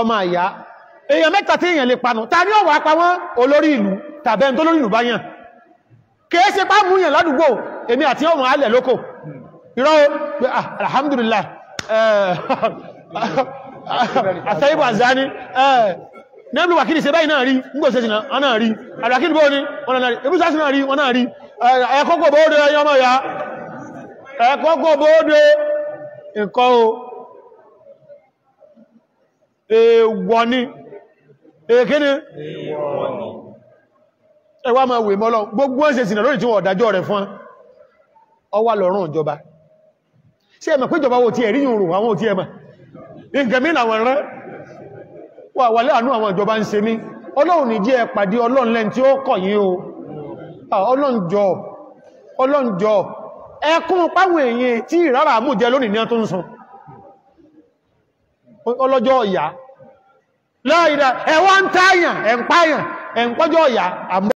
ọmọ àyá èèyàn mẹ́ta tí èèyàn lè panù ta ní ọwà apá wọn olórí ìlú tàbẹ́ tó lórí ìlú bá yàn kìí ṣe pàmù yàn ládùúgbò èmi àti ọmọ alẹ̀ lóko irọ́ ah, alhamdulillah àtẹ́yìnbó àzáni nẹ́bùlù wàkìlì ṣe báyìí náà rí ngbòsẹ̀ sí náà rí àdàkìlì bó ní wọn náà rí ebúsásí náà rí wọn náà rí eh, ẹ̀kọ́kọ́ bóódé ọmọ ìyá ẹ̀kọ́kọ́ bóódé nǹkan o èèwọ̀ ni èkíní ẹwà máa wè mọ́lọ gbogbo ẹ̀sẹ̀ ìsìnà lórí tí wọ́n ọ̀dájọ́ rẹ̀ fún ọwà lọ́rùn ìjọba sí ẹ̀mẹ̀ wo ti ẹ̀rí yìnrùn àwọn òtí nǹkan mí làwọn rẹ̀ wà àwọn ìjọba ń mí ọlọ́run ní pàdé ọlọ́run lẹ́n tí ó kọ̀ o ọlọ́njọ́ ọlọ́njọ́ ẹkún páwọn èèyàn tí ọlọ́jọ́ ọ̀yá láìdá ẹwà ń táyàn ẹ̀ǹpáyàn ẹ̀ǹpọ́jọ́ ọ̀yá